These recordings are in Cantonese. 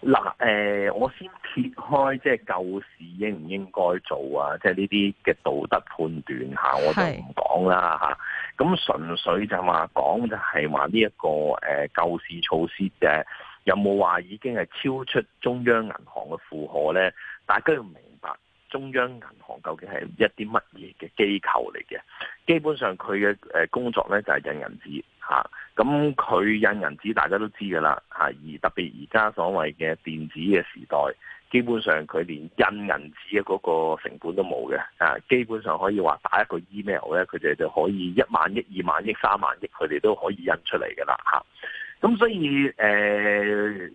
嗱，誒、呃，我先撇開即係救市應唔應該做啊，即係呢啲嘅道德判斷嚇，我就唔講啦嚇。咁是、啊、純粹就話講就係話呢一個誒、呃、救市措施嘅，有冇話已經係超出中央銀行嘅負荷咧？大家要明。中央銀行究竟係一啲乜嘢嘅機構嚟嘅？基本上佢嘅誒工作咧就係印銀紙吓，咁佢印銀紙大家都知㗎喇吓，而特別而家所謂嘅電子嘅時代，基本上佢連印銀紙嘅嗰個成本都冇嘅啊，基本上可以話打一個 email 咧，佢哋就可以一萬億、二萬億、三萬億，佢哋都可以印出嚟㗎喇吓。咁、啊、所以誒、呃，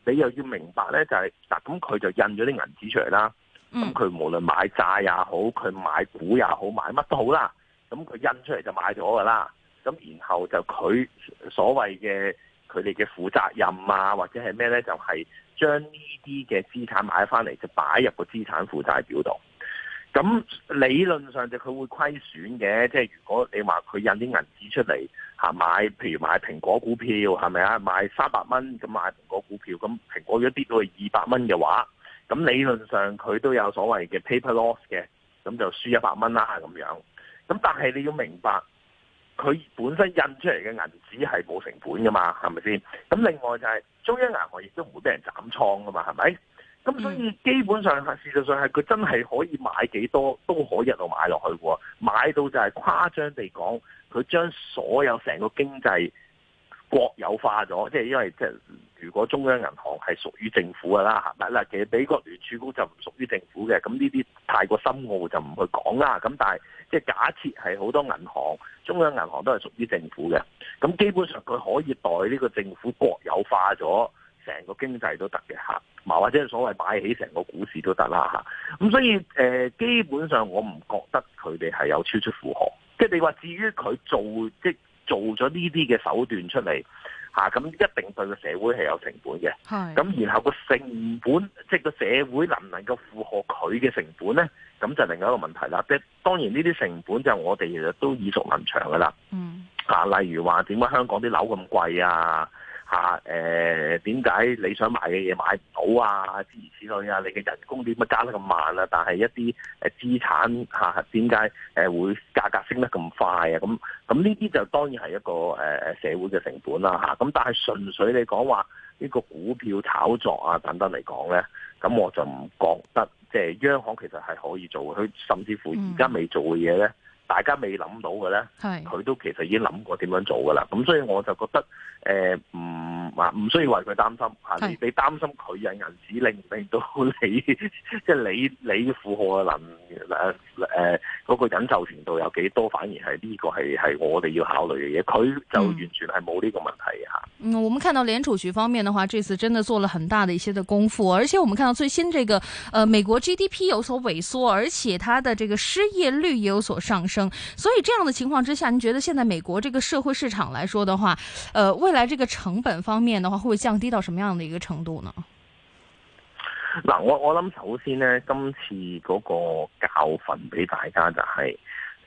你又要明白咧，就係、是、嗱，咁、啊、佢就印咗啲銀紙出嚟啦。咁佢無論買債也好，佢買股也好，買乜都好啦。咁佢印出嚟就買咗㗎啦。咁然後就佢所謂嘅佢哋嘅負責任啊，或者係咩呢？就係將呢啲嘅資產買翻嚟就擺入個資產負債表度。咁理論上就佢會虧損嘅。即係如果你話佢印啲銀紙出嚟嚇、啊、買，譬如買蘋果股票係咪啊？買三百蚊咁買蘋果股票，咁蘋果如果跌到係二百蚊嘅話。咁理論上佢都有所謂嘅 paper loss 嘅，咁就輸一百蚊啦咁樣。咁但係你要明白，佢本身印出嚟嘅銀紙係冇成本㗎嘛，係咪先？咁另外就係中央銀行亦都唔會俾人斬倉㗎嘛，係咪？咁所以基本上，事實上係佢真係可以買幾多都可以一路買落去嘅喎，買到就係誇張地講，佢將所有成個經濟國有化咗，即係因為即係如果中央銀行係屬於政府嘅啦嗱，其實美國聯儲局就唔屬於政府嘅，咁呢啲太過深奧就唔去講啦。咁但係即係假設係好多銀行，中央銀行都係屬於政府嘅，咁基本上佢可以代呢個政府國有化咗，成個經濟都得嘅嚇，或者所謂買起成個股市都得啦。咁所以誒，基本上我唔覺得佢哋係有超出負荷，即係你話至於佢做即做咗呢啲嘅手段出嚟，咁、啊、一定對個社會係有成本嘅。咁係然後個成本，即係個社會能唔能夠負荷佢嘅成本呢？咁就另一個問題啦。即係當然呢啲成本就我哋其實都耳熟能詳㗎啦。嗯，啊，例如話點解香港啲樓咁貴啊？啊，誒點解你想買嘅嘢買唔到啊？諸如此類啊，你嘅人工點解加得咁慢啊？但係一啲誒資產嚇點解誒會價格升得咁快啊？咁咁呢啲就當然係一個誒社會嘅成本啦、啊、嚇。咁、啊、但係純粹你講話呢個股票炒作啊等等嚟講咧，咁我就唔覺得即係、就是、央行其實係可以做，佢甚至乎而家未做嘅嘢咧。嗯大家未諗到嘅咧，佢都其實已經諗過點樣做嘅啦。咁所以我就覺得，誒、呃、唔。嗯唔需要為佢擔心，你你擔心佢引人指令，令到你即係、就是、你你負荷嘅能誒誒嗰個忍受程度有幾多？反而係呢個係係我哋要考慮嘅嘢。佢就完全係冇呢個問題啊！嗯，我們看到聯儲局方面的話，這次真的做了很大的一些的功夫，而且我們看到最新這個呃美國 GDP 有所萎縮，而且它的這個失業率也有所上升。所以這樣的情況之下，你覺得現在美國這個社會市場來說的話，呃未來這個成本方面？面嘅話會唔會降低到什麼樣的一個程度呢？嗱，我我諗首先呢，今次嗰個教訓俾大家就係、是，誒、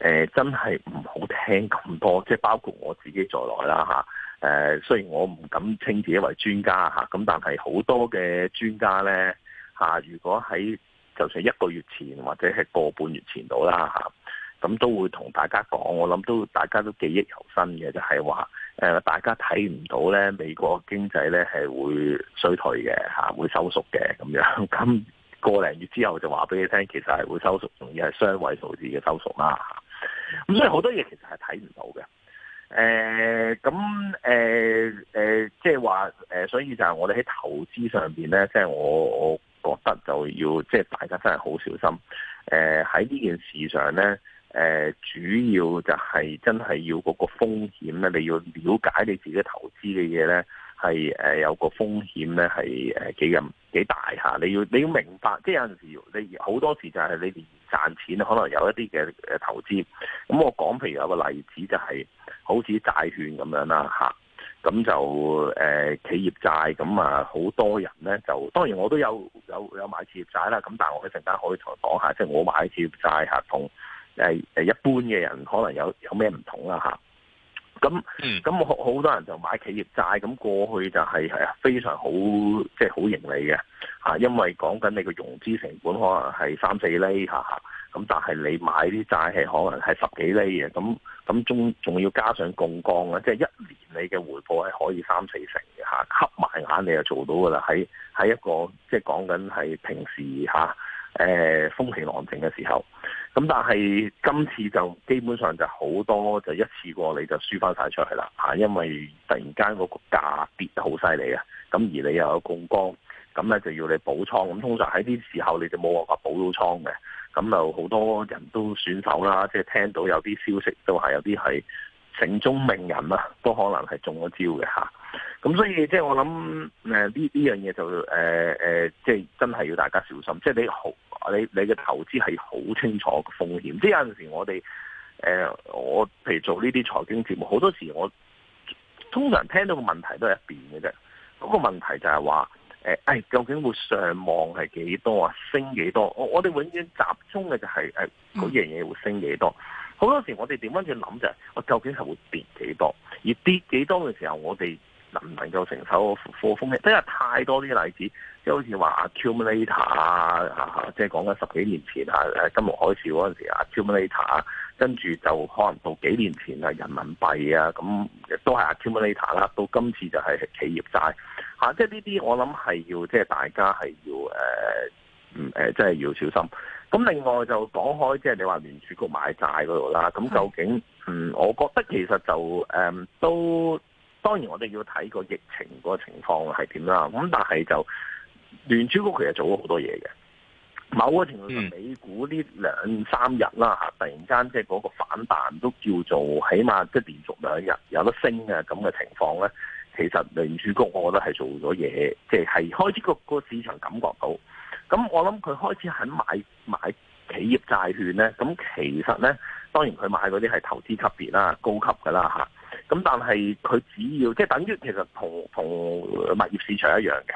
呃，真係唔好聽咁多，即係包括我自己在內啦吓。誒、啊，雖然我唔敢稱自己為專家吓，咁、啊、但係好多嘅專家呢，吓、啊，如果喺就算一個月前或者係個半月前到啦吓。啊。咁都會同大家講，我諗都大家都記憶猶新嘅，就係、是、話、呃、大家睇唔到咧美國經濟咧係會衰退嘅嚇、啊，會收縮嘅咁樣。咁、啊、個零月之後就話俾你聽，其實係會收縮，仲要係雙位數字嘅收縮啦。咁、啊、所以好多嘢其實係睇唔到嘅。誒、呃，咁誒誒，即係話所以就係我哋喺投資上面咧，即、就、係、是、我我覺得就要即係、就是、大家真係好小心。喺、呃、呢件事上咧。誒、呃、主要就係真係要嗰個風險咧，你要了解你自己投資嘅嘢咧，係、呃、有個風險咧係誒幾咁幾大嚇？你要你要明白，即係有陣時候你好多時就係你哋賺錢可能有一啲嘅投資。咁我講譬如有個例子就係、是、好似債券咁樣啦咁、啊、就、呃、企業債咁啊，好多人咧就當然我都有有有買企業債啦，咁但我一陣間可以同講下，即、就、係、是、我買企業債合同。誒誒，一般嘅人可能有有咩唔同啦？嚇咁咁，好好多人就買企業債。咁過去就係係非常好，即係好盈利嘅嚇，因為講緊你個融資成本可能係三四厘嚇，咁但係你買啲債係可能係十幾厘嘅。咁咁中仲要加上槓桿啦，即係一年你嘅回報係可以三四成嘅嚇，閉埋眼你就做到噶啦，喺喺一個即係講緊係平時嚇誒風平浪靜嘅時候。咁但係今次就基本上就好多就一次過你就輸翻晒出去啦吓，因為突然間個價跌得好犀利啊！咁而你又有槓桿，咁咧就要你補倉。咁通常喺呢時候你就冇辦法補到倉嘅，咁就好多人都損手啦，即係聽到有啲消息都話有啲係城中名人啦，都可能係中咗招嘅吓。咁所以即係我諗呢呢樣嘢就、呃、即係真係要大家小心。即係你好。你你嘅投資係好清楚嘅風險，即係有陣時我哋誒、呃，我譬如做呢啲財經節目，好多時我通常聽到嘅問題都係入邊嘅啫。嗰、那個問題就係話誒，係、哎、究竟會上望係幾多啊？升幾多？我我哋永遠集中嘅就係誒嗰樣嘢會升幾多。好、嗯、多時我哋點樣去諗就係、是、我究竟係會跌幾多？而跌幾多嘅時候，我哋。能唔能夠承受貨風呢？因為太多啲例子，即好似話 accumulator 啊，即講緊十幾年前啊，誒金融海嘯嗰陣時啊，accumulator 啊，跟住、um、就可能到幾年前啊，人民幣啊，咁、嗯、都係 accumulator 啦。到今次就係企業債，嚇、啊，即呢啲我諗係要，即大家係要誒、呃，嗯誒、呃，即係要小心。咁、啊、另外就講開，即係你話聯儲局買債嗰度啦，咁究竟嗯，我覺得其實就誒、嗯、都。當然我哋要睇個疫情個情況係點啦，咁但係就聯儲局其實做咗好多嘢嘅。某個程度上，美股呢兩三日啦嚇，突然間即係嗰個反彈都叫做起碼即係連續兩日有得升㗎，咁嘅情況咧，其實聯儲局我覺得係做咗嘢，即係係開始個個市場感覺到。咁我諗佢開始肯買買企業債券咧，咁其實咧當然佢買嗰啲係投資級別啦、高級噶啦。咁但係佢只要即係等於其實同同物業市場一樣嘅，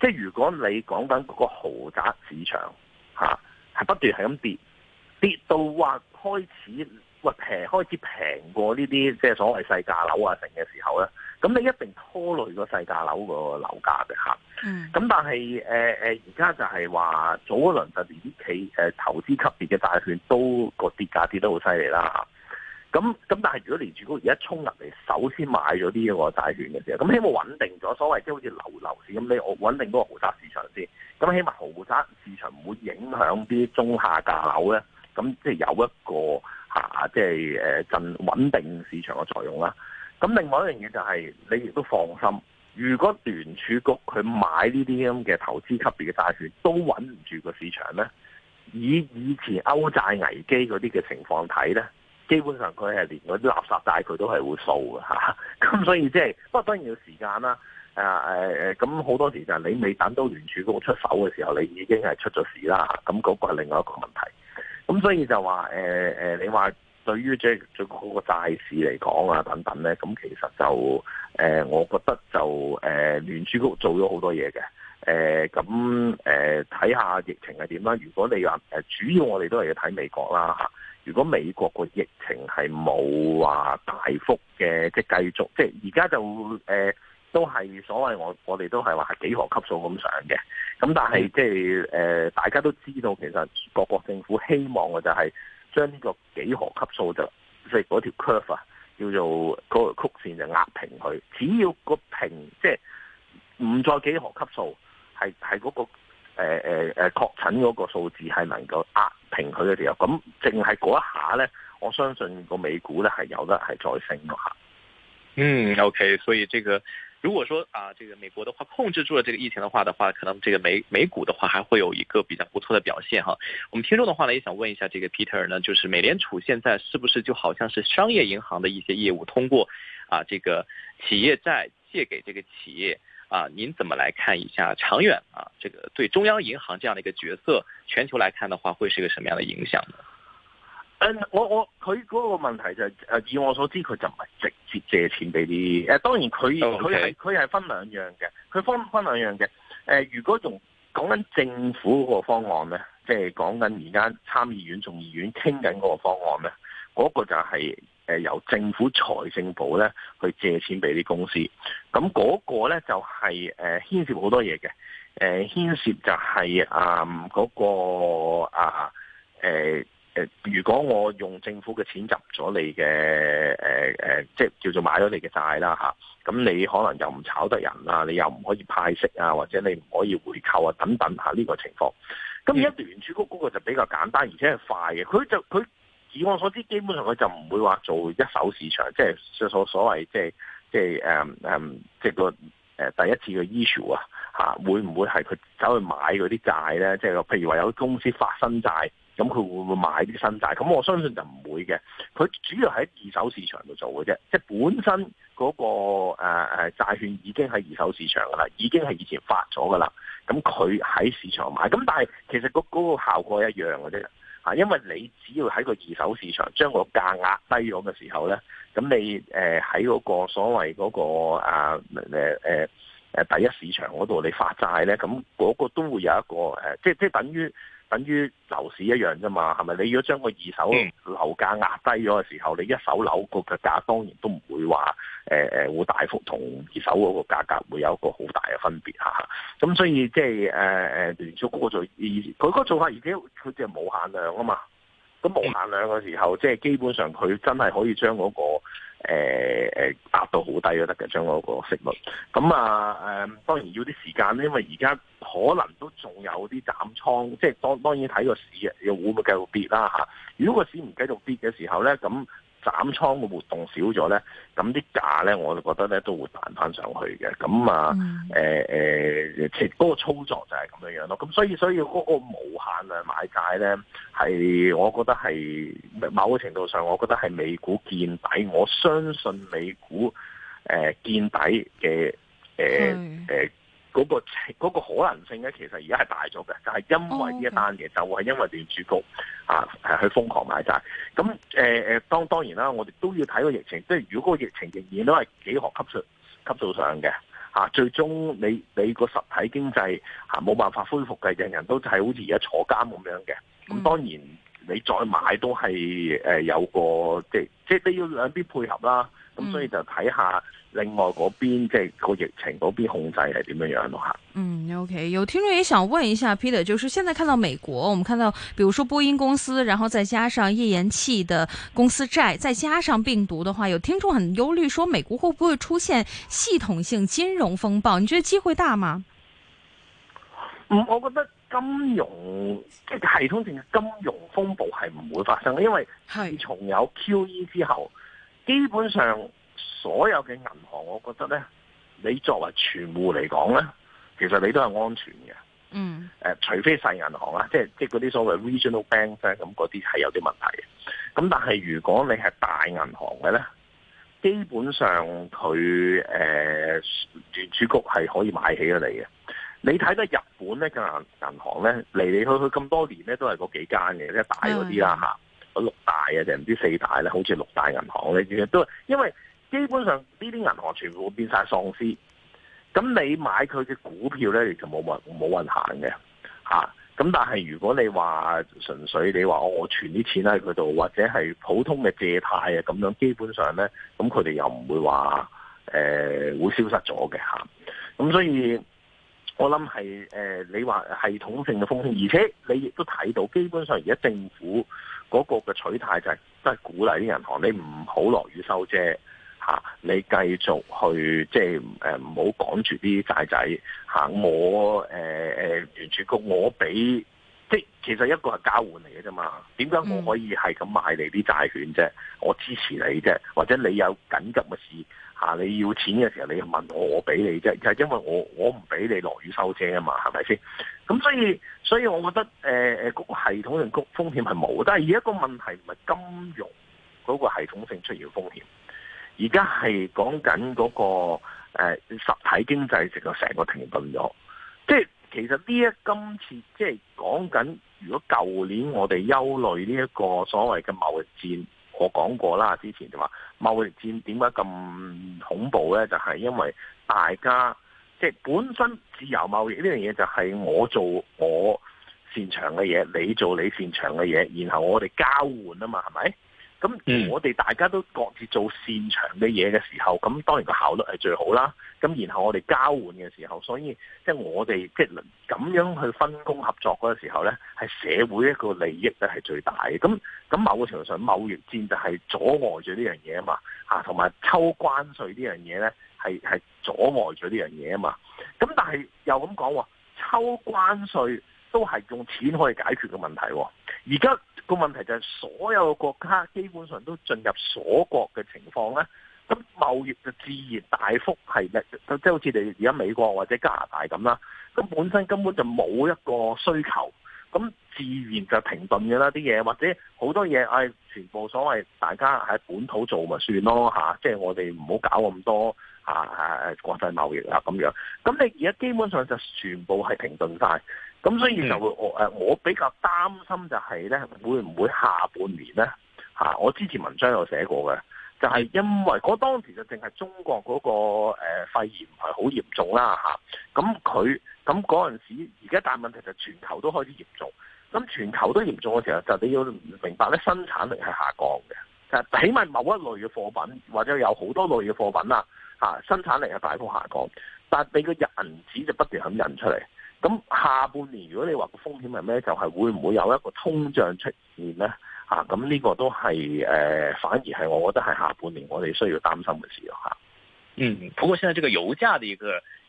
即係如果你講緊嗰個豪宅市場吓，係、啊、不斷係咁跌，跌到話、啊、開始喂、啊、平開始平過呢啲即係所謂細價樓啊成嘅時候咧，咁你一定拖累個細價樓個樓價嘅吓。咁、啊嗯、但係誒誒，而、呃、家就係話早一輪就連啲企誒投資級別嘅債券都個跌價跌得好犀利啦。啊咁咁，但係如果聯儲局而家衝入嚟，首先買咗呢個債券嘅時候，咁希望穩定咗所謂即係好似樓樓市咁，你穩定嗰個豪宅市場先，咁起碼豪宅市場唔會影響啲中下價樓咧，咁即係有一個嚇即係誒鎮穩定市場嘅作用啦。咁另外一樣嘢就係、是、你亦都放心，如果聯儲局佢買呢啲咁嘅投資級別嘅債券，都穩唔住個市場咧，以以前歐債危機嗰啲嘅情況睇咧。基本上佢係連嗰啲垃圾債佢都係會掃嘅嚇，咁、啊、所以即、就、係、是、不過當然要時間啦、啊。誒誒誒，咁、啊、好多時候就係你未等到聯儲局出手嘅時候，你已經係出咗事啦。咁、那、嗰個係另外一個問題，咁所以就話誒誒，你話對於即係最近個債市嚟講啊等等咧，咁其實就誒、啊，我覺得就誒、啊、聯儲局做咗好多嘢嘅。誒咁誒睇下疫情係點啦。如果你話誒，主要我哋都係要睇美國啦。如果美國個疫情係冇話大幅嘅，即係繼續，即係而家就誒、呃、都係所謂我我哋都係話幾何級數咁上嘅，咁但係即係誒、呃、大家都知道其實各國政府希望嘅就係將呢個幾何級數就即係嗰條 curve 啊，叫做個曲線就壓平佢，只要個平即係唔再幾何級數，係係嗰個。誒誒誒，確診嗰個數字係能夠壓平佢嘅掉，咁淨係嗰一下咧，我相信個美股咧係有得係再升咯吓。嗯，OK，所以這個如果說啊，這個美國的話控制住了這個疫情的話，的話可能這個美美股的話還會有一個比較不錯的表現哈。我們聽眾的話呢，也想問一下這個 Peter 呢，就是美聯儲現在是不是就好像是商業銀行的一些業務，通過啊這個企業債借給這個企業。啊，您怎麼來看一下長遠啊？這個對中央銀行這樣的一個角色，全球來看的話，會是一個什麼樣的影響呢？嗯、呃，我我佢嗰個問題就係、是，誒以我所知佢就唔係直接借錢俾啲誒，當然佢佢係佢係分兩樣嘅，佢分分兩樣嘅。誒、呃，如果仲講緊政府個方案咧？即係講緊而家參議院、眾議院傾緊嗰個方案咧，嗰、那個就係誒由政府財政部咧去借錢俾啲公司，咁、那、嗰個咧就係誒牽涉好多嘢嘅誒牽涉就係、是、啊嗰、那個啊誒誒、啊啊啊，如果我用政府嘅錢入咗你嘅誒誒，即、啊、係、啊啊啊啊啊啊、叫做買咗你嘅債啦嚇，咁、啊、你可能又唔炒得人啊，你又唔可以派息啊，或者你唔可以回購啊等等嚇呢、啊這個情況。咁而、嗯、家聯儲局嗰個就比較簡單，而且係快嘅。佢就佢以我所知，基本上佢就唔會話做一手市場，即係所所謂即係即係誒誒，即係、嗯嗯、個、呃、第一次嘅 issue 啊，啊會唔會係佢走去買嗰啲債咧？即、就、係、是、譬如話有公司發新債。咁佢會唔會買啲新債？咁我相信就唔會嘅。佢主要喺二手市場度做嘅啫。即係本身嗰、嗰個誒、呃、債券已經喺二手市場噶啦，已經係以前發咗噶啦。咁佢喺市場買，咁但係其實嗰、嗰個嗰個效果一樣嘅啫、啊。因為你只要喺個二手市場將個價壓低咗嘅時候咧，咁你喺嗰、呃、個所謂嗰、嗰個、啊呃呃、第一市場嗰度你發債咧，咁、嗰、嗰個都會有一個、呃、即即係等於。等於樓市一樣啫嘛，係咪？你如果將個二手樓價壓低咗嘅時候，你一手樓個價當然都唔會話誒誒會大幅同二手嗰個價格會有一個好大嘅分別嚇。咁所以即係誒誒聯儲嗰個做，佢嗰個做法而家佢就冇限量啊嘛。咁冇限量嘅時候，即係基本上佢真係可以將嗰、那個誒誒、呃、壓到好低都得嘅，將嗰個息率。咁啊誒，當然要啲時間咧，因為而家可能都仲有啲斬倉，即係當當然睇個市啊，又會唔會繼續跌啦嚇？如果個市唔繼續跌嘅時候咧，咁。斬倉嘅活動少咗咧，咁啲價咧，我就覺得咧都會彈翻上去嘅。咁啊，誒誒、mm，其實嗰個操作就係咁樣樣咯。咁所以所以嗰個無限量買債咧，係我覺得係某個程度上，我覺得係美股見底。我相信美股誒、呃、見底嘅誒誒。呃 mm hmm. 嗰、那個嗰、那個可能性咧，其實而家係大咗嘅，就係、是、因為呢一單嘢，oh, okay. 就係因為聯儲局啊，係去瘋狂買債。咁誒、呃、當然啦，我哋都要睇個疫情。即、就、係、是、如果個疫情仍然都係幾何級數級數上嘅、啊，最終你你個實體經濟冇、啊、辦法恢復嘅，人人都係好似而家坐監咁樣嘅。咁當然你再買都係、呃、有個即係即係要兩邊配合啦。咁所以就睇下。嗯。另外嗰邊即係個疫情嗰邊控制係點樣樣咯吓？嗯，OK，有聽眾也想問一下 Peter，就是現在看到美國，我們看到，比如說波音公司，然後再加上頁岩氣的公司債，再加上病毒的話，有聽眾很憂慮，說美國會不會出現系統性金融風暴？你覺得機會大嗎？嗯，我覺得金融即係系統性金融風暴係唔會發生，因為自從有 QE 之後，是基本上。所有嘅銀行，我覺得咧，你作為存戶嚟講咧，mm. 其實你都係安全嘅。嗯。誒，除非細銀行啦，即係即係嗰啲所謂 regional bank 咁嗰啲係有啲問題嘅。咁但係如果你係大銀行嘅咧，基本上佢誒聯儲局係可以買起咗你嘅。你睇得日本咧嘅銀銀行咧，嚟嚟去去咁多年咧都係嗰幾間嘅，即係大嗰啲啦嚇，mm. 六大啊定唔知四大咧，好似六大銀行呢，咧，都因為基本上呢啲銀行全部變晒喪屍，咁你買佢嘅股票咧，你就冇運冇運行嘅嚇。咁、啊、但係如果你話純粹你話我存啲錢喺佢度，或者係普通嘅借貸啊咁樣，基本上呢，咁佢哋又唔會話誒、呃、會消失咗嘅嚇。咁、啊、所以，我諗係誒你話系統性嘅風險，而且你亦都睇到，基本上而家政府嗰個嘅取態就係都係鼓勵啲銀行你唔好落雨收遮。吓、啊、你繼續去即係誒，唔好趕住啲債仔吓、啊、我誒誒，聯儲、呃、局我俾即係其實一個係交換嚟嘅啫嘛，點解我可以係咁買你啲債券啫？我支持你啫，或者你有緊急嘅事吓、啊、你要錢嘅時候，你就問我，我俾你啫，就係、是、因為我我唔俾你落雨收遮啊嘛，係咪先？咁所以所以我覺得誒誒，呃那個、系統性風險係冇，但係而一個問題唔係金融嗰個系統性出現風險。而家係講緊嗰個誒、呃、實體經濟成個成個停頓咗，即係其實呢一今次即係講緊，如果舊年我哋憂慮呢一個所謂嘅貿易戰，我講過啦，之前就話貿易戰點解咁恐怖咧？就係、是、因為大家即係本身自由貿易呢樣嘢，就係我做我擅長嘅嘢，你做你擅長嘅嘢，然後我哋交換啊嘛，係咪？咁我哋大家都各自做擅長嘅嘢嘅時候，咁當然個效率係最好啦。咁然後我哋交換嘅時候，所以即係、就是、我哋即係咁樣去分工合作嗰個時候咧，係社會一個利益咧係最大嘅。咁咁某個程度上，貿易戰就係阻礙住呢樣嘢啊嘛，嚇同埋抽關稅呢樣嘢咧係阻礙住呢、啊、樣嘢啊嘛。咁但係又咁講，抽關稅都係用錢可以解決嘅問題。而家個問題就係所有國家基本上都進入鎖國嘅情況咧，咁貿易就自然大幅係，即係好似你而家美國或者加拿大咁啦，咁本身根本就冇一個需求，咁自然就停頓嘅啦啲嘢，或者好多嘢，唉、哎，全部所謂大家喺本土做咪算咯，即係我哋唔好搞咁多嚇、啊、國際貿易啊咁樣，咁你而家基本上就全部係停頓晒。咁所以就會我我比較擔心就係咧，會唔會下半年咧？我之前文章有寫過嘅，就係、是、因為嗰當時就淨係中國嗰個肺炎係好嚴重啦。咁佢咁嗰陣時，而家大問題就全球都開始嚴重。咁全球都嚴重嘅時候，就是、你要明白咧，生產力係下降嘅。就是、起碼某一類嘅貨品，或者有好多類嘅貨品啦，生產力係大幅下降。但係你嘅銀紙就不斷咁印出嚟。咁下半年如果你話個風險係咩，就係、是、會唔會有一個通脹出現咧？嚇、啊，咁呢個都係誒、呃，反而係我覺得係下半年我哋需要擔心嘅事嚇。嗯，不過現在這個油價的一個，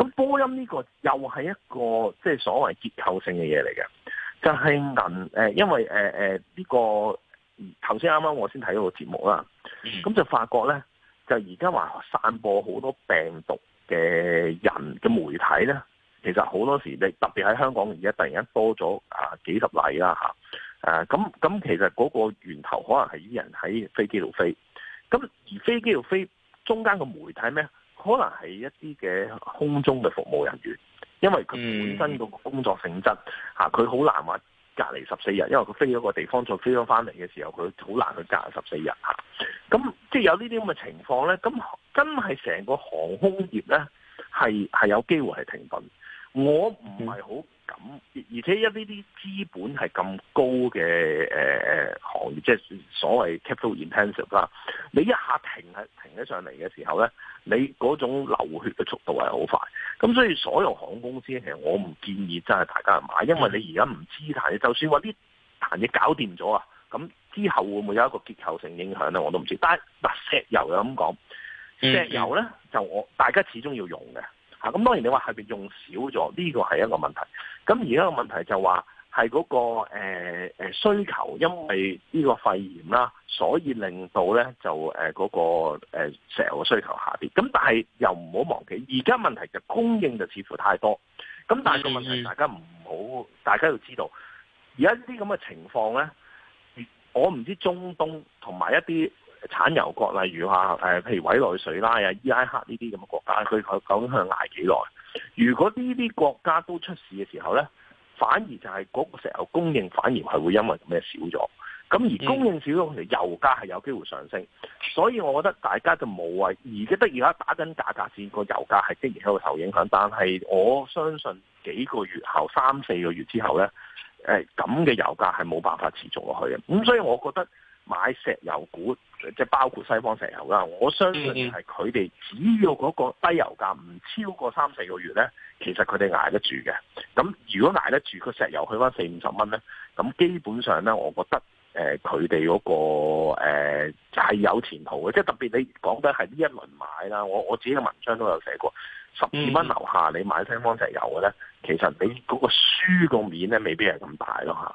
咁波音呢個又係一個即係、就是、所謂結構性嘅嘢嚟嘅，就係、是、銀因為誒呢、呃呢個頭先啱啱我先睇到個節目啦，咁、嗯、就發覺咧，就而家話散播好多病毒嘅人嘅媒體咧，其實好多時你特別喺香港而家突然間多咗啊幾十例啦嚇，咁、呃、咁其實嗰個源頭可能係啲人喺飛機度飛，咁而飛機度飛中間個媒體咩？可能係一啲嘅空中嘅服務人員，因為佢本身個工作性質嚇，佢好難話隔離十四日，因為佢飛咗個地方再飛咗返嚟嘅時候，佢好難去隔十四日嚇。咁即係有呢啲咁嘅情況咧，咁真係成個航空業咧係係有機會係停頓。我唔係好。咁而且一呢啲資本係咁高嘅、呃、行業，即係所謂 capital intensive 啦。你一下停係停得上嚟嘅時候咧，你嗰種流血嘅速度係好快。咁所以所有航空公司，其實我唔建議真係大家買，因為你而家唔知嘅、嗯、就算話啲彈嘢搞掂咗啊，咁之後會唔會有一個結構性影響咧？我都唔知。但嗱，石油又咁講，石油咧就我大家始終要用嘅。咁當然你話係咪用少咗，呢個係一個問題。咁而家個問題就話係嗰個誒、呃、需求，因為呢個肺炎啦，所以令到咧就誒嗰、呃那個誒、呃、石油需求下跌。咁但係又唔好忘記，而家問題就供應就似乎太多。咁但係個問題，大家唔好，嗯、大家要知道，而家呢啲咁嘅情況咧，我唔知中東同埋一啲。產油國，例如話誒，譬如委內瑞拉啊、伊拉克呢啲咁嘅國家，佢佢究竟向捱幾耐？如果呢啲國家都出事嘅時候咧，反而就係嗰個石油供應反而係會因為咁樣少咗，咁而供應少咗，其實油價係有機會上升。所以，我覺得大家就冇謂而家得而家打緊價格戰，個油價係依然喺度受影響。但係我相信幾個月後、三四個月之後咧，誒咁嘅油價係冇辦法持續落去嘅。咁所以，我覺得買石油股。即係包括西方石油啦，我相信係佢哋只要嗰個低油價唔超過三四個月咧，其實佢哋捱得住嘅。咁如果捱得住，個石油去返四五十蚊咧，咁基本上咧，我覺得誒佢哋嗰個誒係、呃就是、有前途嘅。即係特別你講緊係呢一輪買啦，我我自己嘅文章都有寫過，十二蚊樓下你買西方石油嘅咧，其實你嗰個輸個面咧，未必係咁大咯嚇。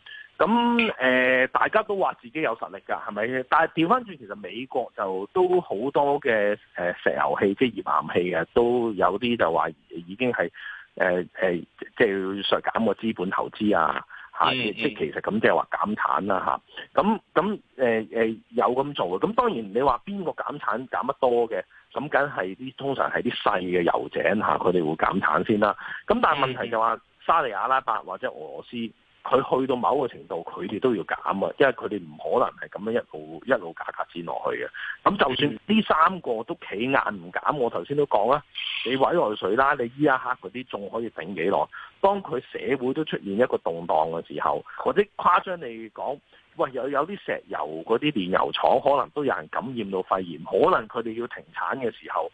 咁誒、呃，大家都話自己有實力㗎，係咪？但係調翻轉，其實美國就都好多嘅、呃、石油氣，即係頁岩氣嘅，都有啲就話已經係、呃呃、即係要削減個資本投資啊！嚇、啊，即、嗯嗯、其實咁即係話減產啦、啊、嚇。咁、啊、咁、呃呃、有咁做嘅。咁當然你話邊個減產減得多嘅，咁梗係啲通常係啲細嘅油井佢哋、啊、會減產先啦、啊。咁但係問題就話沙地阿拉伯或者俄羅斯。佢去到某一個程度，佢哋都要減啊，因為佢哋唔可能係咁樣一路一路價格戰落去嘅。咁就算呢三個都企硬唔減，我頭先都講啦，你委內瑞拉啦，你伊拉克嗰啲仲可以頂幾耐？當佢社會都出現一個動盪嘅時候，或者誇張地講，喂有有啲石油嗰啲煉油廠可能都有人感染到肺炎，可能佢哋要停產嘅時候。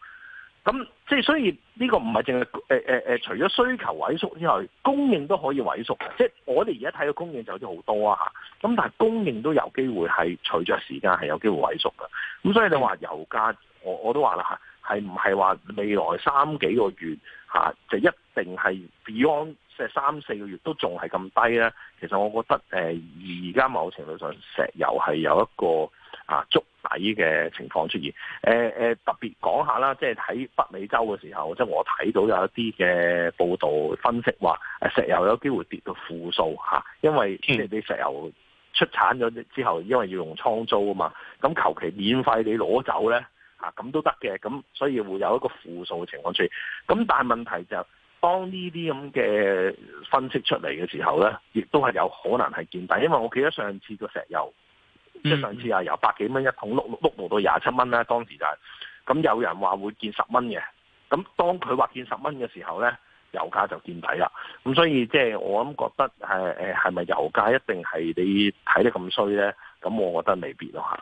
咁即係，所以呢個唔係淨係誒誒誒除咗需求萎縮之外，供應都可以萎縮，即係、就是、我哋而家睇到供應就啲好多啊，咁但係供應都有機會係隨着時間係有機會萎縮嘅。咁所以你話油價，我我都話啦，係唔係話未來三幾個月？吓、啊，就一定係 beyond 即係三四個月都仲係咁低咧。其實我覺得誒而家某程度上石油係有一個啊築底嘅情況出現。誒、呃呃、特別講下啦，即係喺北美洲嘅時候，即係我睇到有一啲嘅報道分析話，石油有機會跌到負數、啊、因為你石油出產咗之後，因為要用倉租啊嘛，咁求其免費你攞走咧。啊，咁都得嘅，咁所以會有一個負數嘅情況出現。咁但係問題就係、當呢啲咁嘅分析出嚟嘅時候咧，亦都係有可能係見底，因為我記得上次個石油，即、嗯、上次啊由百幾蚊一桶，碌碌碌到廿七蚊啦，當時就係、是、咁有人話會見十蚊嘅。咁當佢話見十蚊嘅時候咧，油價就見底啦。咁所以即係我諗覺得，係、啊、係咪油價一定係你睇得咁衰咧？咁我覺得未必咯吓。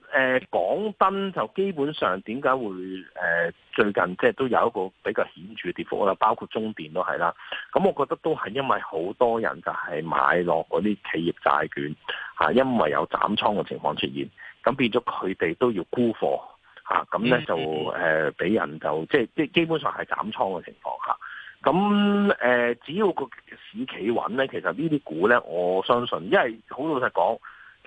誒、呃、港燈就基本上點解會誒、呃、最近即係都有一個比較顯著嘅跌幅啦，包括中電都係啦。咁我覺得都係因為好多人就係買落嗰啲企業債券、啊、因為有斬倉嘅情況出現，咁變咗佢哋都要沽貨嚇，咁、啊、咧就誒俾、呃、人就即係即係基本上係斬倉嘅情況嚇。咁、啊、誒、啊、只要個市企穩咧，其實呢啲股咧我相信，因為好老實講。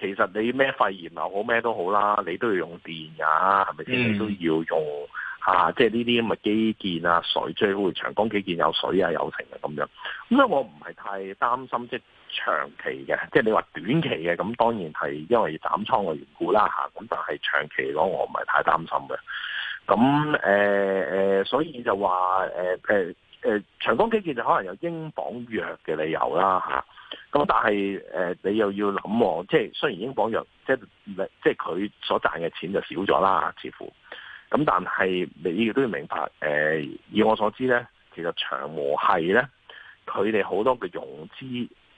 其實你咩肺炎又好咩都好啦，你都要用電噶、啊，係咪先？你都要用吓、啊，即係呢啲咁嘅基建啊、水最會長江基建有水啊、有成嘅咁樣。咁所以我唔係太擔心即係長期嘅，即係你話短期嘅，咁當然係因為要斬倉嘅緣故啦吓。咁但係長期嚟講，我唔係太擔心嘅。咁誒誒，所以就話誒誒。呃呃誒、呃、長江基建就可能有英鎊弱嘅理由啦咁、啊、但係誒、呃、你又要諗喎，即係雖然英鎊弱，即係即係佢所賺嘅錢就少咗啦，似乎，咁但係你亦都要明白誒、呃，以我所知咧，其實長和系咧，佢哋好多嘅融資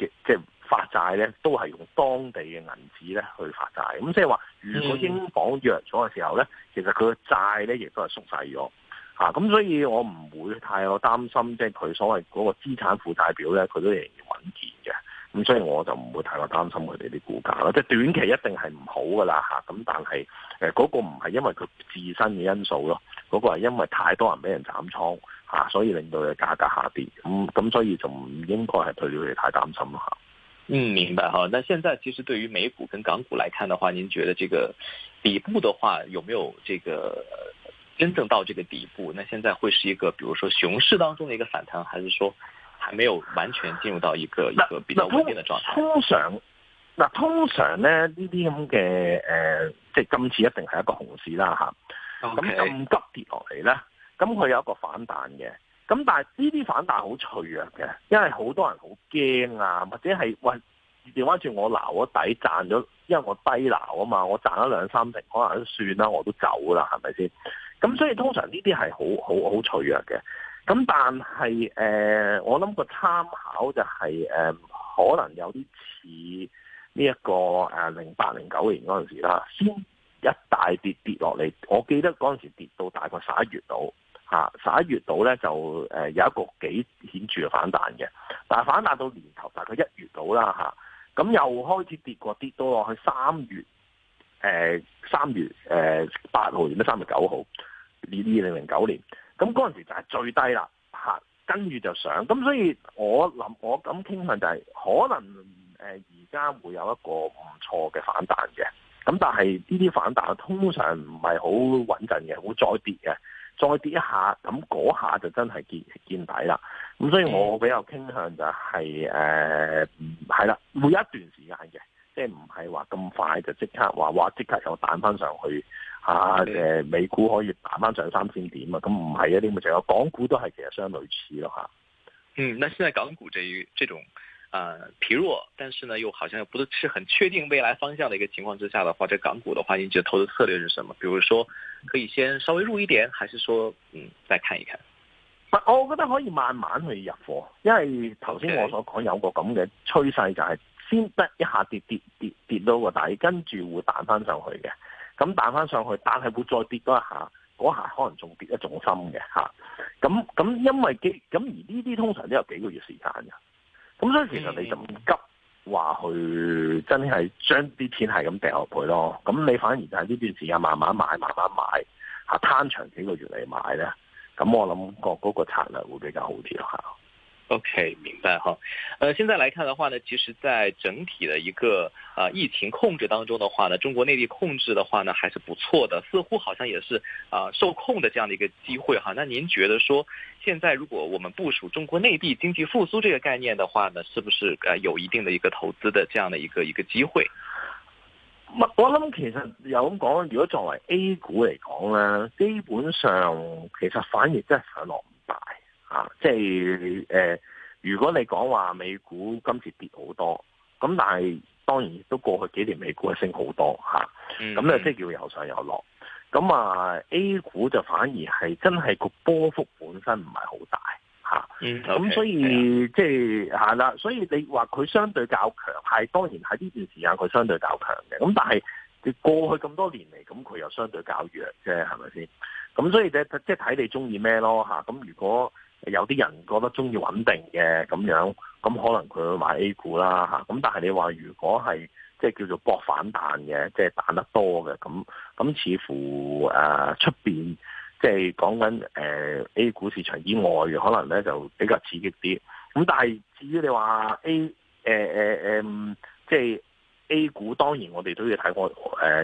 嘅即係發債咧，都係用當地嘅銀紙咧去發債，咁即係話如果英鎊弱咗嘅時候咧，其實佢嘅債咧亦都係縮細咗。啊，咁所以我唔會太過擔心，即係佢所謂嗰個資產負債表咧，佢都仍然穩健嘅。咁所以我就唔會太過擔心佢哋啲股價啦。即係短期一定係唔好噶啦嚇。咁、啊、但係誒嗰個唔係因為佢自身嘅因素咯，嗰、那個係因為太多人俾人斬倉嚇、啊，所以令到佢價格下跌。咁、嗯、咁所以就唔應該係對佢哋太擔心啦嚇。嗯，明白嚇。但現在其實對於美股跟港股嚟看的話，您覺得這個底部嘅話有沒有這個？真正到這個底部，那現在會是一個，比如說熊市當中的一個反彈，還是說還沒有完全進入到一個那一個比較穩定的狀態？通，通常，嗱，通常咧呢啲咁嘅誒，即係、呃、今次一定係一個熊市啦，吓。咁咁急跌落嚟啦，咁佢有一個反彈嘅，咁但係呢啲反彈好脆弱嘅，因為好多人好驚啊，或者係喂。調返轉我撈我底賺咗，因為我低撈啊嘛，我賺咗兩三成，可能都算啦，我都走啦，係咪先？咁所以通常呢啲係好好好脆弱嘅。咁但係誒、呃，我諗個參考就係、是、誒、呃，可能有啲似呢一個誒零八零九年嗰陣時啦，先一大跌跌落嚟。我記得嗰陣時候跌到大概十一月度嚇，十一月度、啊、十一月度咧就誒有一個幾顯著嘅反彈嘅，但係反彈到年頭大概一月度啦嚇。啊。咁又開始跌過，跌到落去三月，誒、呃、三月誒八號年都三月九號，二二零零九年，咁嗰陣時就係最低啦，跟住就上，咁所以我諗我咁傾向就係、是、可能而家會有一個唔錯嘅反彈嘅，咁但係呢啲反彈通常唔係好穩陣嘅，會再跌嘅。再跌一下，咁嗰下就真係見見底啦。咁所以我比較傾向就係、是、誒，係、呃、啦，每一段時間嘅，即係唔係話咁快就即刻話話即刻又彈翻上去嚇、啊呃、美股可以彈翻上三千點啊？咁唔係一啲咪成個港股都係其實相類似咯吓，啊、嗯，那現在港股即這種。啊疲、呃、弱，但是呢又好像又不是很確定未來方向的一個情況之下的話，這港股的話，你覺得投資策略是什麼？比如說可以先稍微入一點，還是說嗯再看一看？我覺得可以慢慢去入貨，因為頭先我所講有個咁嘅趨勢就係先得一下跌跌跌跌，跌到個底，跟住會彈翻上去嘅。咁彈翻上去，但係會再跌多一下，嗰下可能仲跌得重心嘅吓。咁咁因為幾咁而呢啲通常都有幾個月時間。咁、嗯、所以其實你就唔急話去真係將啲錢係咁掉落去咯，咁你反而就喺呢段時間慢慢買，慢慢買嚇攤長幾個月嚟買咧，咁我諗個嗰個策略會比較好啲咯嚇。OK，明白哈。呃，現在來看的話呢，其實，在整體的一個呃疫情控制當中的話呢，中國內地控制的話呢還是不錯的，似乎好像也是啊、呃、受控的這樣的一個機會哈。那您覺得說，現在如果我們部署中國內地經濟復甦這個概念的話呢，是不是呃有一定的一個投資的這樣的一個一個機會？我諗其實有講，如果作為 A 股嚟講咧，基本上其實反應真係上落唔大。啊，即係誒、呃，如果你講話美股今次跌好多，咁但係當然亦都過去幾年美股係升好多吓，咁咧即係叫有上有落。咁啊 A 股就反而係真係個波幅本身唔係好大吓，咁、啊嗯、所以即係係啦，所以你話佢相對較強，係當然喺呢段時間佢相對較強嘅。咁但係過去咁多年嚟，咁佢又相對較弱啫，係咪先？咁所以即即係睇你中意咩咯吓，咁、啊、如果。有啲人覺得中意穩定嘅咁樣，咁可能佢會買 A 股啦嚇。咁但係你話如果係即係叫做搏反彈嘅，即係彈得多嘅咁，咁似乎誒出邊，即係講緊 A 股市場以外可能咧就比較刺激啲。咁但係至於你話 A 誒即係 A 股，當然我哋都要睇過，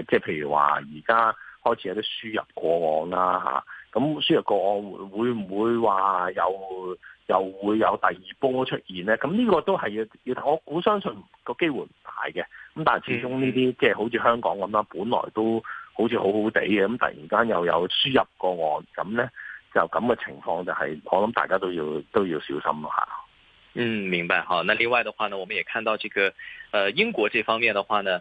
即係譬如話而家開始有啲輸入過往啦嚇咁輸入個案會唔會話又又會有第二波出現咧？咁呢個都係要要，我好相信個機會唔大嘅。咁但係始終呢啲即係好似香港咁啦，本來都好似好好地嘅，咁突然間又有輸入個案，咁咧就咁嘅情況就係、是，我諗大家都要都要小心下。嗯，明白哈。那另外的話呢，我們也看到這個呃英國這方面的話呢？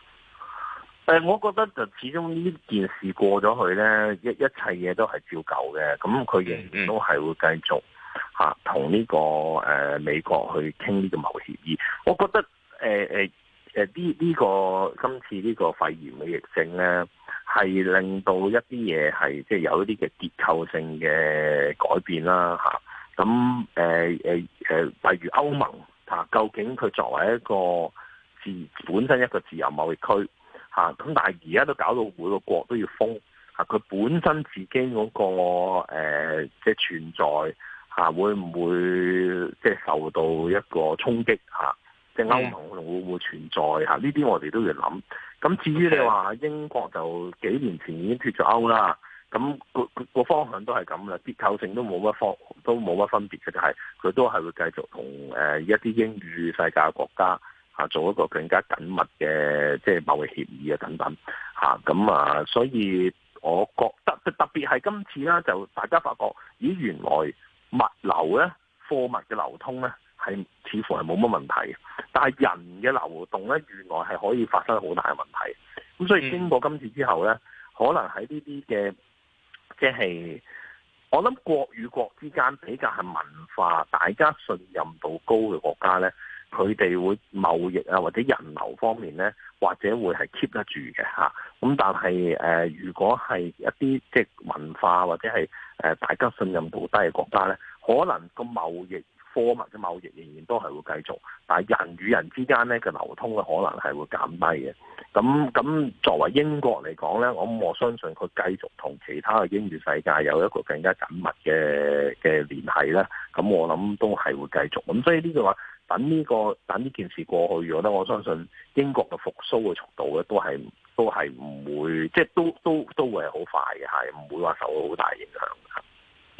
誒，我覺得就始終呢件事過咗去咧，一一切嘢都係照舊嘅。咁佢仍然都係會繼續嚇同呢個誒、呃、美國去傾呢個貿易協議。我覺得誒誒誒呢呢個今次呢個肺炎嘅疫症咧，係令到一啲嘢係即係有一啲嘅結構性嘅改變啦嚇。咁誒誒誒，例、呃呃呃呃、如歐盟嚇、啊，究竟佢作為一個自本身一個自由貿易區？咁、啊、但係而家都搞到每個國都要封、啊、佢本身自己嗰、個、呃、即係存在、啊、會唔會即係受到一個衝擊、啊、即係歐盟仲會唔會存在呢啲、啊、我哋都要諗。咁至於你話英國就幾年前已經脱咗歐啦，咁、個、個方向都係咁啦，結構性都冇乜方都冇乜分別嘅，就係佢都係會繼續同誒一啲英語世界國家。做一個更加緊密嘅即係貿易協議啊等等嚇咁啊，所以我覺得就特，特別係今次啦、啊，就大家發覺咦原來物流咧貨物嘅流通咧係似乎係冇乜問題嘅，但係人嘅流動咧原來係可以發生好大嘅問題。咁所以經過今次之後咧，可能喺呢啲嘅即係我諗國與國之間比較係文化大家信任度高嘅國家咧。佢哋會貿易啊，或者人流方面呢，或者會係 keep 得住嘅嚇。咁、啊、但係誒、呃，如果係一啲即係文化或者係誒、呃、大家信任度低嘅國家呢，可能個貿易貨物嘅貿易仍然都係會繼續，但係人與人之間呢，嘅流通嘅可能係會減低嘅。咁咁作為英國嚟講呢，我我相信佢繼續同其他嘅英語世界有一個更加緊密嘅嘅聯繫呢。咁我諗都係會繼續。咁所以呢、呢個話。等呢、這個等呢件事過去，如果我相信英國嘅復甦嘅速度咧，都係都係唔會，即係都都都會好快嘅嚇，唔會話受到好大影響。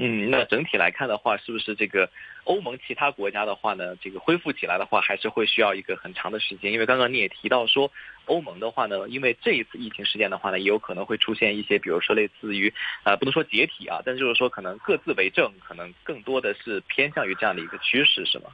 嗯，那整體來看的話，是不是這個歐盟其他國家的話呢？這個恢復起來的話，還是會需要一個很長的時間。因為剛剛你也提到說，歐盟的話呢，因為這一次疫情事件的話呢，也有可能會出現一些，比如說，類似於啊、呃，不能說解體啊，但是就是說，可能各自為政，可能更多的是偏向於這樣的一個趨勢，是嗎？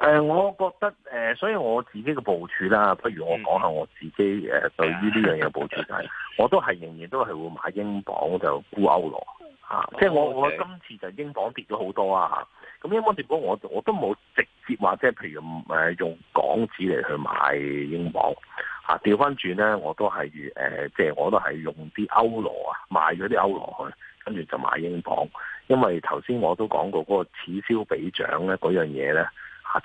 誒、呃，我覺得誒、呃，所以我自己嘅部署啦，不如我講下我自己誒、呃，對於呢樣嘢嘅部署。就係，我都係仍然都係會買英鎊就沽歐羅啊，哦、即係我 okay. 我今次就英鎊跌咗好多啊，咁英鎊跌咗，我我都冇直接話即係譬如誒用港紙嚟,去買英鎊啊，調翻轉咧，我都係誒、呃啊呃，即係我都係用啲歐羅啊，賣咗啲歐羅去，跟住就買英鎊，因為頭先我都講過嗰、那個此消彼長咧，嗰樣嘢咧。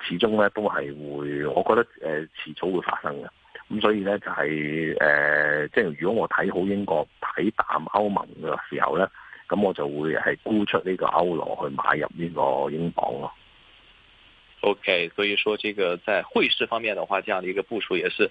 始終咧都係會，我覺得誒遲早會發生嘅。咁所以咧就係、是、誒、呃，即係如果我睇好英國睇淡歐盟嘅時候咧，咁我就會係沽出呢個歐羅去買入呢個英鎊咯。OK，所以說這個在匯市方面的話，這樣的一個部署也是。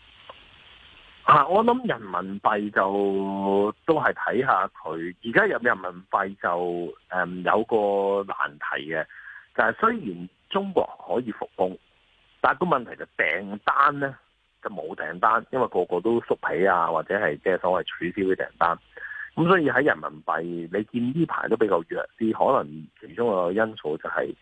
吓、啊，我諗人民幣就都係睇下佢而家有人民幣就誒、嗯、有個難題嘅，就係、是，雖然中國可以復工，但係個問題就訂單咧就冇訂單，因為個個都縮起啊，或者係即係所謂取消啲訂單，咁所以喺人民幣你見呢排都比較弱啲，至可能其中個因素就係、是。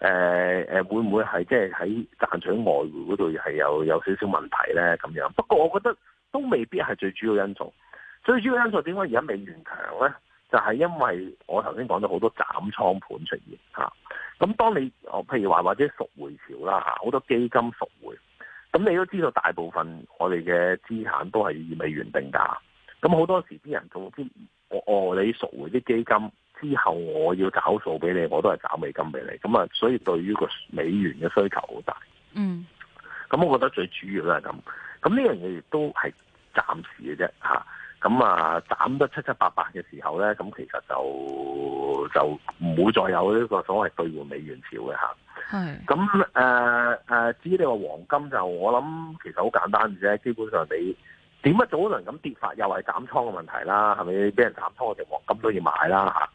誒誒、呃，會唔會係即係喺賺取外匯嗰度係有有少少問題咧？咁樣，不過我覺得都未必係最主要因素。最主要因素點解而家美元強咧？就係、是、因為我頭先講咗好多斬倉盤出現吓，咁、啊、當你哦，譬如話或者贖回潮啦，好、啊、多基金贖回，咁你都知道大部分我哋嘅資產都係以美元定價，咁好多時啲人總之，我、哦、我你贖回啲基金。之後我要找數俾你，我都係找美金俾你，咁啊，所以對於個美元嘅需求好大。嗯，咁我覺得最主要都係咁，咁呢樣嘢亦都係暫時嘅啫嚇。咁啊，斬得七七八八嘅時候咧，咁其實就就唔會再有呢個所謂兌換美元潮嘅嚇。係是。咁誒誒，至於你話黃金就，我諗其實好簡單嘅啫，基本上你點解早輪咁跌法，又係斬倉嘅問題啦，係咪？俾人斬倉，我哋黃金都要買啦嚇。啊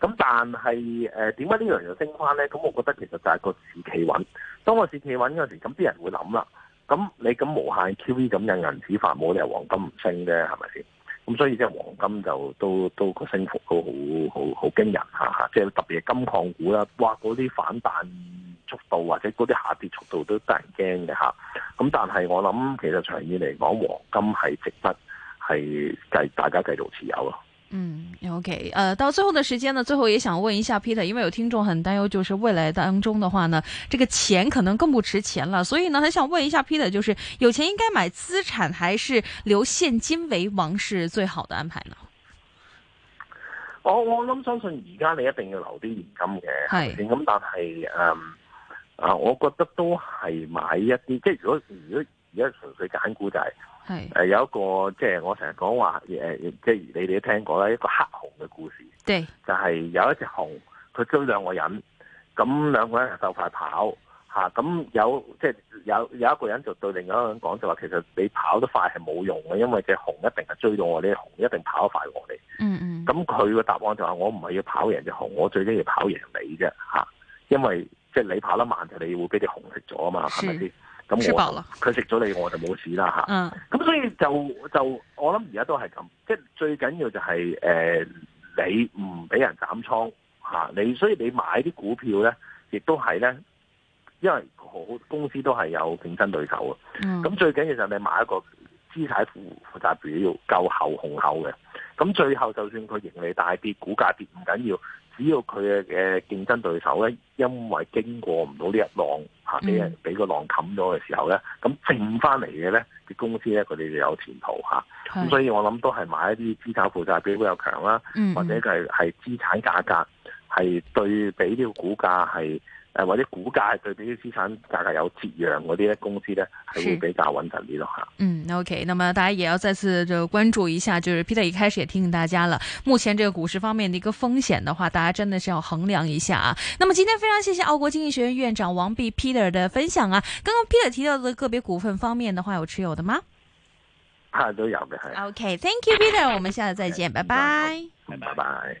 咁但係誒，點、呃、解呢樣嘢升翻咧？咁我覺得其實就係個市企穩。當個市企穩嘅陣時，時候，咁啲人會諗啦。咁你咁無限 QE 咁有銀紙發，冇理由黃金唔升啫係咪先？咁所以即係黃金就都都個升幅都好好好驚人嚇，即係特別係金礦股啦，哇！嗰啲反彈速度或者嗰啲下跌速度都得人驚嘅嚇。咁但係我諗其實長遠嚟講，黃金係值得係大家繼續持有咯。嗯，OK，呃，到最後的時間呢，最後也想問一下 Peter，因為有聽眾很擔憂，就是未來當中的話呢，這個錢可能更不值錢了，所以呢，很想問一下 Peter，就是有錢應該買資產還是留現金為王是最好的安排呢？我我諗相信而家你一定要留啲現金嘅，係咁是，但係誒、嗯，啊，我覺得都係買一啲，即係如果如。而家純粹揀股就係、是，係誒是、呃、有一個即係、就是、我成日講話誒，即、就、係、是、你哋都聽過啦，一個黑熊嘅故事。對就係有一隻熊，佢追兩個人，咁兩個人就快跑嚇。咁、啊、有即係、就是、有有一個人就對另外一個人講，就話其實你跑得快係冇用嘅，因為隻熊一定係追到我，呢熊一定跑得快過你嗯嗯。咁佢嘅答案就係、是、我唔係要跑贏隻熊，我最緊要跑贏你啫嚇、啊。因為即係、就是、你跑得慢就你會俾隻熊食咗啊嘛，係咪先？咁我佢食咗你我就冇事啦吓，咁、嗯、所以就就我諗而家都係咁，即係最緊要就係誒你唔俾人斬倉吓，你,不人倉、啊、你所以你買啲股票咧，亦都係咧，因為好公司都係有競爭對手啊，咁、嗯、最緊要就係你買一個資產負負責表要夠厚雄厚嘅，咁最後就算佢盈利大跌股價跌唔緊要,要。只要佢嘅嘅競爭對手咧，因為經過唔到呢一浪嚇，俾人俾個浪冚咗嘅時候咧，咁剩翻嚟嘅咧，啲公司咧，佢哋就有前途嚇。咁是所以我諗都係買一啲資產負債比比較強啦，嗯、或者係係資產價格係對比呢個股價係。誒，或者股價對比啲資產價格有折讓嗰啲咧，公司咧係會比較穩陣啲咯吓。嗯，OK，那麼大家也要再次就關注一下，就是 Peter 一開始也提醒大家了，目前這個股市方面的一個風險的話，大家真的是要衡量一下啊。那麼今天非常謝謝澳國經濟學院院長王弼 Peter 的分享啊。剛剛 Peter 提到的個別股份方面的話，有持有的嗎？吓、啊，都有嘅，係。OK，Thank、okay, you，Peter， 我們下次再見，拜拜。拜拜。拜拜。